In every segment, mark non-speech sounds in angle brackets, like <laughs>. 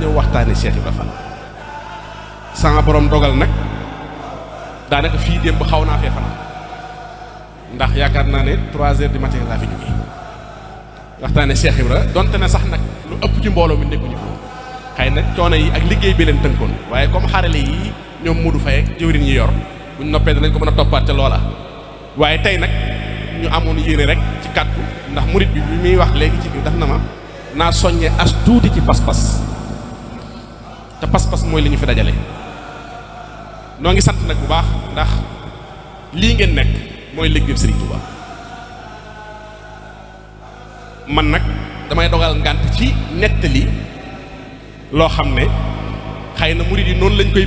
ñëw waxtaane Cheikh Ibra sama borom dogal nag daanaka fii démb xaw naa fee fanaan ndax yaakaar naa ne trois heures du matin laa fi jógee waxtaane Cheikh Ibra donte na sax nag lu ëpp ci mbooloo mi nekkuñu ko xëy na coono yi ak liggéey bi leen tënkoon waaye comme xarale yi ñoom Modou Faye ak jëwriñ yi yor buñ noppee danañ ko mën a toppaat ca loola waaye tey nag ñu amoon yéene rek ci kàddu ndax murit bi bi muy wax léegi ci biir daf na ma naa soññee as tuuti ci pas-pas te pas-pas moy liñu fi dajalé no ngi sant nak bu baax ndax li ngeen nekk mooy liggéey Serigne Touba man nak damay dogal ngant ci netali lo xamné ne mouride non lañ koy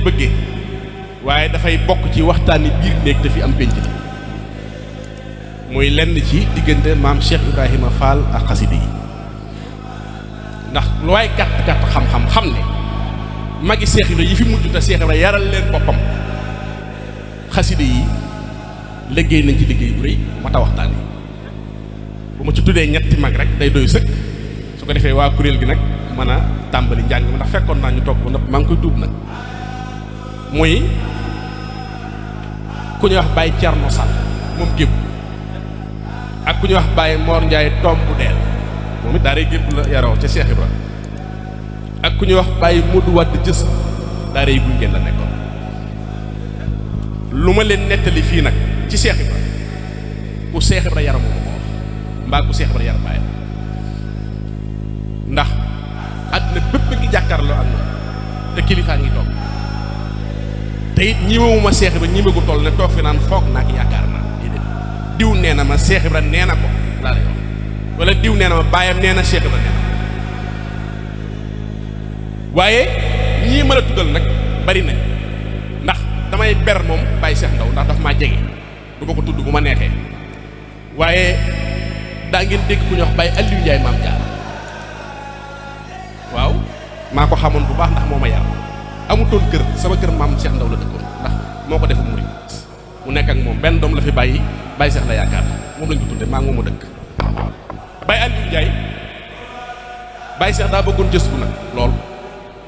waye da fay bok ci waxtani bir nek da fi am penc la moy lenn ci digënde maam Cheikh Ibrahima Fall ak khassidi ndax lu waay kat xam-xam xam ne magi Seex Ibra yi fi mujj te Seex Ibra yaral leen boppam xaside yi liggéey nañ ci liggéey bu rëy mata waxtaane bu ma ci tuddee ñetti mag rek day doy sëkk su ko defee waa kuréel gi nag mën a tàmbali njàng mi ndax fekkoon naa ñu toog ba nopp maa ngi koy tuub nag muy ku ñuy wax Baye Thierno Sall moom gépp ak ku ñuy wax Baye Mor Ndiaye tomb deel moom it daa rey gépp la yaroo ca Seex Ibra ak ku ñuy wax bàyyi Modou Wade jës daara yi gunge la nekkoon lu ma leen nettali fii nag ci Seex Ibra ku Seex Ibra yaram moo ko wax mbaa ku Seex Ibra yaram bàyyi ndax àddina bépp ngi jàkkaarloo ak moom te kilifaa ngi toog te it ñimewuma Seex Ibra ñime ne toog fi naan foog naa ak yaakaar naa diw nee na ma Seex Ibra nee na ko laa lay wax wala diw nee na ma baayam nee na Seex Ibra waye ñi mëna tuddal nak bari nañ ndax damay ber mom bàyyi cheikh ndaw ndax daf ma jégué bu ko ko tudd bu ma neexee waaye daa ngeen dégg ku ñox wax Aliou ndjay mam jaar waw mako xamone bu baax ndax moma ma yar amutoon kër sama kër mam cheikh ndaw la dëkkoon ndax moko def defu mu nekk ak mom ben dom la fi bàyyi bàyyi cheikh la yaakaar mom lañ ko tuddé ma ngi dëkk Aliou ndjay bàyyi cheikh da bëggoon jëssu nak lool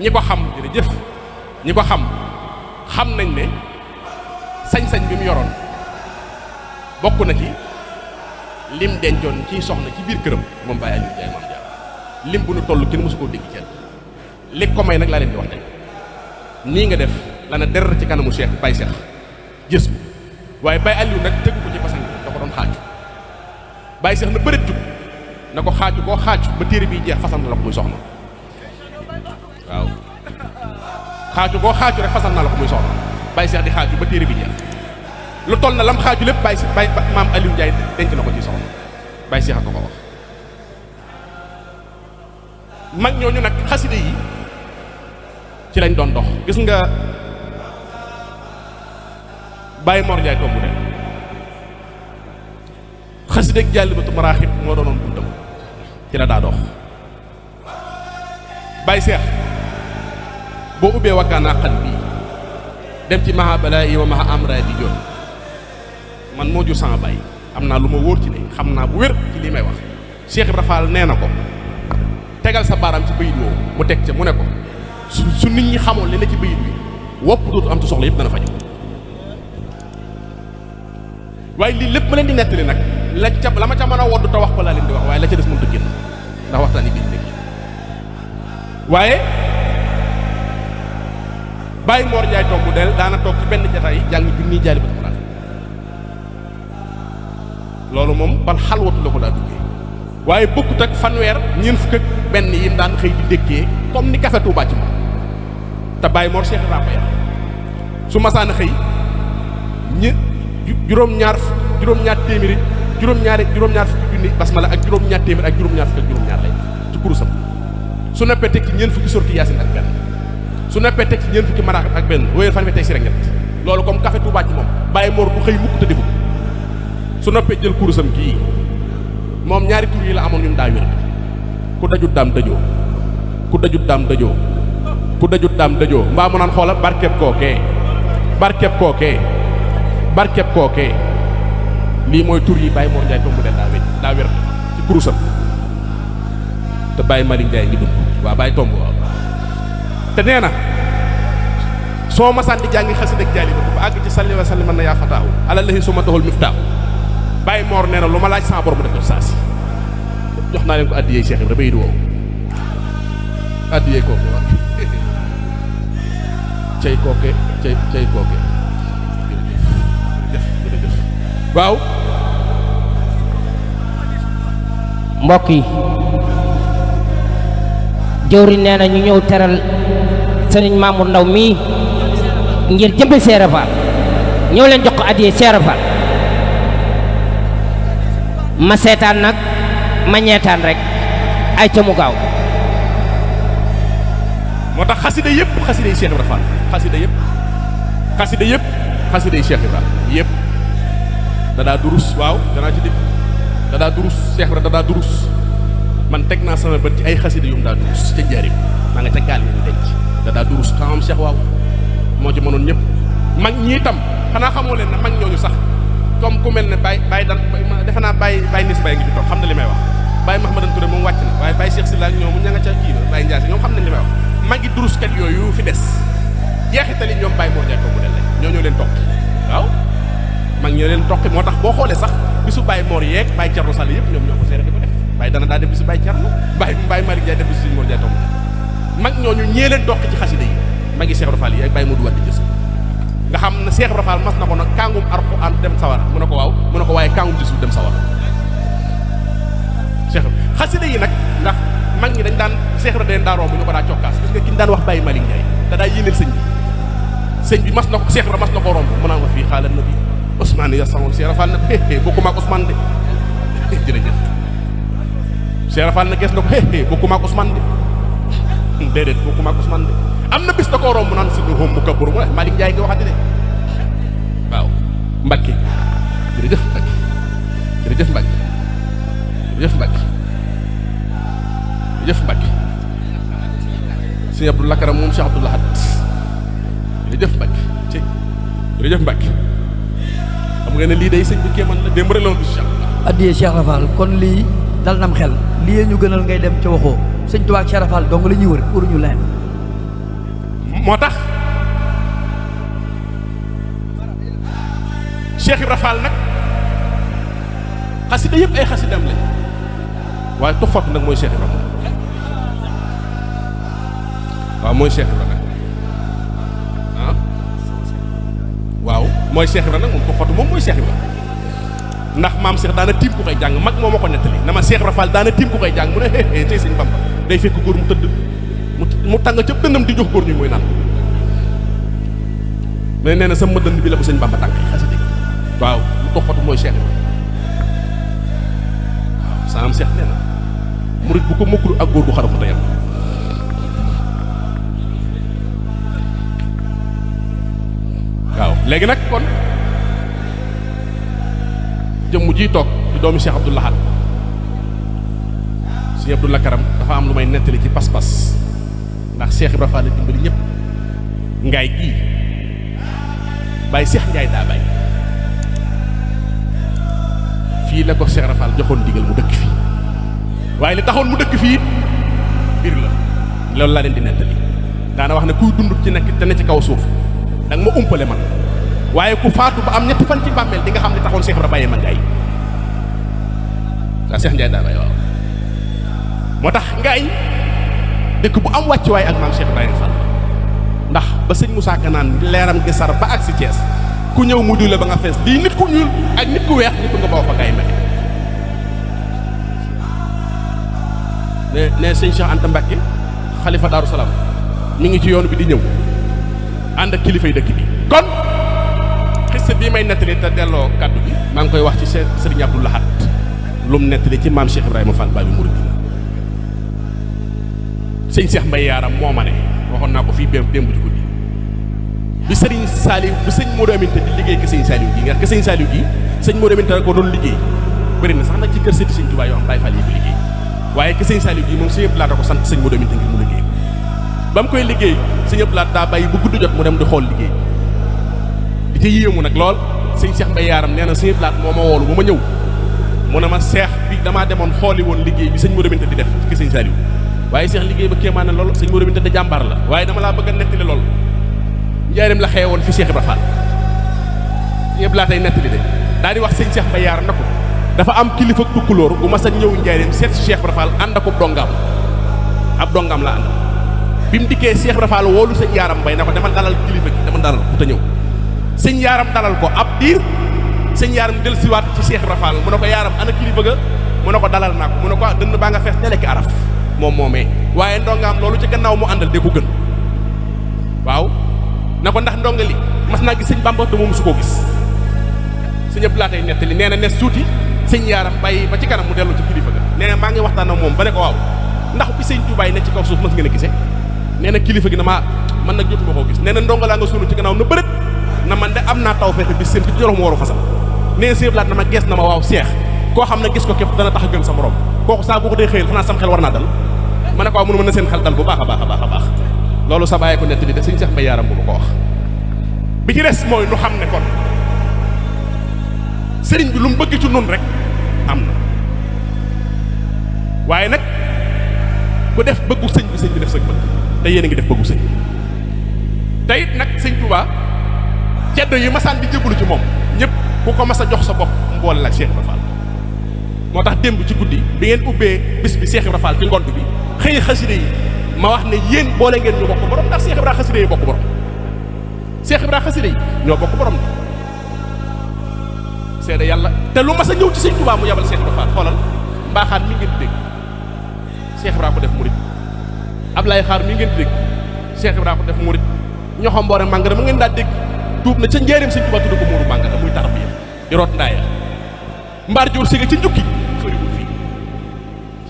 ñi ko xam jërëjëf ñi ko xam xam nañ ne sañ-sañ bi mu yoroon bokk na ci lim dencoon ci soxna ci biir këram moom bàyyi añu jaay maam lim bu nu toll kenn mosu koo dégg ci li ko may nag laa leen di wax tey nii nga def la na der ci kanamu seet Baye Cheikh gis ko waaye Baye Aliou nag tëgg ko ci façon da ko doon xaaju Baye Cheikh na bëreet jug na ko xaaju koo xaaju ba téere bi jeex façon la muy soxna. waaw xaaju koo xaaju rek fasal naa la ko muy soxla bàyyi seex di xaaju ba téere bi jeex lu toll na lam xaaju lépp bàyyi si bàyyi maam Aliou Ndiaye denc na ko ci soxla bàyyi seex ko ko wax mag ñooñu nag xaside yi ci lañ doon dox gis nga bàyyi Mor Ndiaye tombu dem xaside ak jàllibatu maraaxib moo doonoon buntam ci la daa dox bàyyi seex bo ubbe wakana xalbi dem ci maha balaa yi wa maha amra di joon man moju sama bàyyi am naa lu ci ne xamna bu wer ci li wax Cheikh Fall ko tegal sa baram ci beuyit wo mu tek ci mu ne ko su nit ñi xamoon ci beuyit bi wop dootu am tu soxla yeb dana faju waaye li lepp ma leen di netti nak la ca la ma ca mëna wodd ta wax ko la leen di wax la ca dess mu tu ndax waxtani bi bay Mor ñay tok bu del daana tok ci benn jataay jàng junniy jaali ba tukuraan lolu mom ban halwatu lako da duggé waye bokut ak fanwer ñeen fuk ak ben yi ndan xey di dekké comme ni café Touba ci ta bay Mor Cheikh rafa yar su masaan xëy ñi juróom-ñaar juróom-ñaar témiri juróom-ñaar juróom-ñaar fuk junni basmala ak juróom-ñaar téeméer ak juróom-ñaar fuk ak ñaar lay ci kurusam su noppee teg ci ñeent fukki sorti yasin ak ben su neppee teg ci ñeent fukki maraax ak benn wéyal fanweer teg si rek loolu comme café Touba ci moom bàyyi moor bu xëy mukk te defu su noppee jël kurusam kii moom ñaari tur yi la amoon ñun daa wér ku dajut daam dajoo ku dajut daam dajoo ku dajut daam dajoo mbaa mu naan xoola barkeb kookee barkeb kookee barkeb kookee lii mooy tur yi Baye Mor Ndiaye tombu daa wér daa wér ci kurusam te Baye Malick Ndiaye ngi dund waa Baye tomb te neena so ma sandi jangi xassid ak jali bu ag ci sallallahu alaihi wasallam na ya fatahu ala lahi sumatahul miftah bay mor neena luma laaj sa borom def saasi jox na len ko adiyé cheikh ibrahima do adiyé ko ko cey koke cey cey koke waaw mbokk yi jëwri neena ñu ñew teral sëriñ Mamour Ndaw mii ngir jëmbe seere Faal ñëw leen jox ko yi Seera Faal ma seetaan nag ma ñeetaan rek ay ca mu gaaw moo tax xasida yëpp xasida yi Cheikh Ibra Fall xasida yëpp xasida yëpp xasida yi Cheikh Ibra yëpp dadaa durus waaw danaa ci dégg dadaa durus Cheikh Ibra dadaa durus man teg naa sama bët ci ay xasida yu daa durus ca njëriñ maa nga ca gaal yi ñu denc da daa durus xamam Cheikh waaw moo ci mënoon ñëpp mag ñii tam xanaa xamoo leen ne mag ñooñu sax comme ku ne baay Baye dan defe naa Baye Baye Nis ngi ci toog xam na li may wax baay Mahamadan Touré moom wàcc na waaye Baye Cheikh Sylla ak ñoom ña nga ca kii Baye Ndiaye ñoom xam nañ li may wax fi des jeexitali ñoom Baye moo jekko mu ñoo ñoo leen toqi waaw mag ñoo leen toqi moo tax boo xoolee sax bisu Baye Mor yeeg Baye Thierno Sall yëpp ñoom ñoo ko seere di ko def Baye dana daa def bisu Baye Thierno Baye Baye Malick Ndiaye def mag ñooñu ñee leen dokk ci xasida yi mag ngi Cheikh Rafal yi ak bay Baye Modou Wade jiss nga xam na Cheikh Rafal mas nako nak kangum kàngum alquran dem sawar mu nako waw mu nako waye kangum jissu dem sawar Cheikh xasida yi nak ndax mag ñi dañ daan Cheikh Rafal dañ daan romb ñu ko da cokkaas gis nga ki daan wax bay malik ñay da da yéeneel señ bi señ bi mas nako Cheikh Rafal mas nako ko mu nango fi xala nabi usman ya sawol Cheikh Rafal na hé hé bokkuma ak usman de jere <laughs> jere Cheikh Rafal na gees nako ko hé hé bokkuma ak Ousmane de Hmm. dedet ko kuma kusman de amna bis da ko rom nan sidu lu xóom bu kabur wala Malick Ndiaye di waxante de waw Mbacke def Mbacke def Mbacke def Mbacke def Mbacke sëñ Abdou lakara mom Cheikh Abdou Lahad def Mbacke ci def Mbacke xam nga ne lii day seigne bu keman la démb rek la woon bi Cheikh addiyee Cheikh Rafal kon li dal nam xel lii ñu gënal ngay dem ci waxo sëñ Tuubaa ak Cheikh Fall dong la ñuy wër pour ñu leen moo tax Cheikh Ibra Fall nag xasida yëpp ay xasidam la waaye tuxfatu nag mooy Cheikh mooy Cheikh Ibra nag ah waaw mooy Cheikh Ibra nag ndax maam Cheikh daana tiim ku koy jàng mag moo ma ko nettali na ma Cheikh Ibra Fall daana tiim ku koy jàng mu ne hee tey sëñ Bamba day fekk góor mu teud mu tang ci dëndam di jox góor ñu moy nan mais nee sa sama bi la ko sëñ Bamba tank xasida waaw mu toppatu moy Cheikh salam Cheikh nee murid bu ko mokkul ak góor bu ko teyam waaw léegi nak kon jëm ji tok di doomi Cheikh abdullah Ahad Sëñ Karam dafa am lu may nettali ci pas-pas ndax Cheikh Ibra Fall dimbali ñëpp ngaay gii bàyyi Cheikh Ndiaye daa fii la ko Cheikh Ibra joxoon digal mu dëkk fii waaye li taxoon mu dëkk fii biir la loolu la leen di nettali daana wax ne kuy dund ci nekk te ne ci kaw suuf da ma umpale man waaye ku faatu ba am ñetti fan ci bàmmeel di nga xam ne taxoon Cheikh Ibra bàyyi ma ngaay waaw Cheikh Ndiaye daa waaw motax ngay dekk bu am way ak maam Cheikh Ibrahima Fall ndax ba seigne Moussa kanan leram gi sar ba ak si ties ku ñew mu dule ba nga fess lii nit ku ñul ak nit ku weex nit ku nga bofa kay mexe ne ne seigne Cheikh Anta Mbacke khalifa Daaru salam mi ngi ci yoon bi di ñew and ak yi dekk bi kon xiste bi may nettali ta delo kaddu bi mang koy wax ci seigne Abdou Lahad lum mu ci mam Cheikh Ibrahima Fall bi Mouridina sëñ Cheikh Mbaye yaaram moo ma ne waxoon naa ko fii démb démb ci bi sëriñ Saliou bi sëñ Modou Aminta di liggéey sëñ Saliou gi nga ke sëñ Saliou gi sëñ Modou ko doon liggéey bëri na sax nag ci kër sëti sëñ Touba yoo xam Baye ke sëñ Saliou gi moom sëñ Abdou Lahad ko sant sëñ Modou Aminta ngir mu liggéey ba koy liggéey sëñ Abdou Lahad daa bàyyi bu gudd jot mu dem di xool liggéey di ca nag lool sëñ Cheikh Mbaye yaaram nee na sëñ Abdou Lahad moo ma ma ñëw mu ne ma seex bi damaa demoon xooli woon liggéey bi sëñ Modou Aminta di def ke sëñ Saliou waaye seex liggéey ba kéemaan na lool sañ Mourou Binta da jàmbaar la waaye dama laa bëgg a nettali lool njaareem la xewoon fi Cheikh Ibra Fall yëpp laa tey nettali de daal di wax sëñ Cheikh Mbaye yaar na ko dafa am kilifa tukkulóor bu ma a ñëw njaareem seet si Cheikh Ibra Fall ànd ak dongaam ab dongaam la ànd bi mu dikkee Cheikh Ibra Fall woolu sëñ yaaram mbay na ko dama dalal kilifa gi dama dalal ku ta ñëw sëñ yaaram dalal ko ab diir sëñ yaaram del siwaat ci Cheikh Ibra Fall mu ko yaaram ana kilifa ga mu ko dalal naa ko mu ne ko ah, dënn baa nga fees te lekk araf moom moomee waaye ndongaam loolu ci gannaaw mo andal de gën waw na ndax ndonga li mas naa gis sëñ Bàmba te su gis sëñ platay Lahat ay nettali nee na ne suuti sëñ ba ci kanam mu delu ci kilifa ga néna ma ngi waxtaan ak ko waw ndax bi sëñ toubay né ci kaw suuf mas ngeen gisé néna kilifa gi ma man nak jottu mako gis néna ndonga nga sunu ci gannaaw na bërët na man de am tawfiq bi seen ci jorom woro fasal né na sëñ na ma gess na ma waw cheikh ko xamna gis ko kep dana tax gën sa morom kooku saa boo ko dee xëyal xanaa sam xel war naa dal ma ne ko waaw mënu mën na seen xel dal bu baax a baax a baax loolu sa bàyyi ko nett di de suñu seex mbay yaaram bu ko wax bi ci des mooy nu xam ne kon sëriñ bi lu mu bëgg ci nun rek am na waaye nag ku def bëggu sëñ bi sëñ bi def sa bëgg te yéen a ngi def bëggu sëñ te nag sëñ Touba ceddo yi masaan bi jébbalu ci moom ñëpp ku ko mas jox sa bopp mboole la Cheikh Ibra Fall motax demb ci guddi bi ngeen ubbee bis bi Cheikh ibrahim Fall ci ngont bi xey khasside yi ma wax ne yeen bo le ngeen ñu bokk borom ndax Cheikh ibrahim khasside yi bokk borom Cheikh ibrahim khasside yi ñoo bokk borom seeda yalla te lu ma sa ñew ci seigne Touba mu yabal Cheikh Ibra xolal xoolal mbaaxaan mi ngeen deg Cheikh ibrahim ko def mourid ablay Xaar mi ngeen deg Cheikh ibrahim ko def murid ñoxo boore màngara ma ngeen da deg tuub na ca njéerim seigne Touba tuddu ko muuru màngara muy tarbiya di rot ndaaya mbar jur sigi ci njukki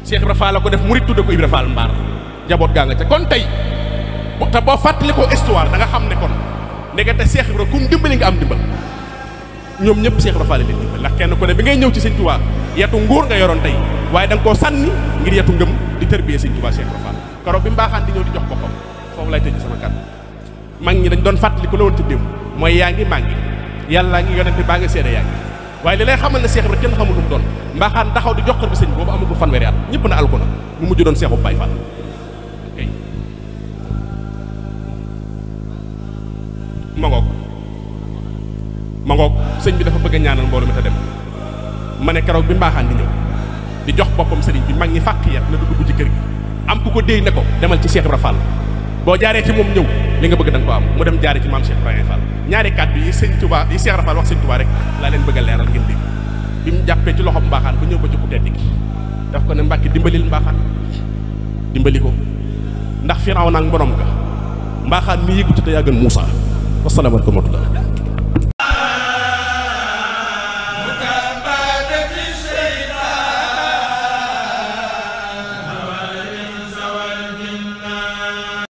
Cheikh Ibra Fall ko def murit tudde ko Ibra Fall mbar jabot ga nga ca kon tay ta bo fàttali ko histoire da nga xamne kon nega te Cheikh Ibra kum dimbali nga am dimbal ñom ñep Cheikh Ibra Fall leen dimbal la kenn ko ne bi ngay ñew ci seigne touba yatu nguur nga yoron tay waye dang ko sanni ngir yatu ngeum di tërbiyee seigne touba Cheikh Ibra Fall keroog bi mbaaxaan di ñëw di jox boppam fofu lay tëj sama kat mag ñi dañ doon fàttali ko la woon ci dem moy yaangi ngi maa ngi yàlla ngi yonente nga sédé yaangi waye li lay xamal ne cheikh bi kenn xamul lu mu doon mbaaxaan taxaw di joxar bi bobu boobu amagul fanweeri at ñepp na alko na mu mujj doon cheikhou Baay Faal kay mangok ngoog ma bi dafa bëgg ñaanal mbolu mi ta dem mané ne keroog bi mbaaxaan di ñew di jox bopam seigne bi magni ñi fàq na dugg ci kër gi am ku ko dey ne ko demal ci cheikh Ibra Faal boo jaaree ci moom ñëw li nga bëgg da ko am mu dem jaaree ci maam Cheikh Ibrahima ñaari kàddu yi sëñ Touba yi Cheikh Rafal wax sëñ Touba rek laa leen bëgg a leeral ngeen dégg bi mu jàppee ci loxoom mbaaxaan bu ñëw ba ci ku tedd gi daf ko ne Mbàkke dimbalil mbaaxaan dimbali ko ndax Firawna ak borom ka mbaaxaan mi yëgu ci te yaa gën Muusa wasalaamaaleykum wa rahmatulah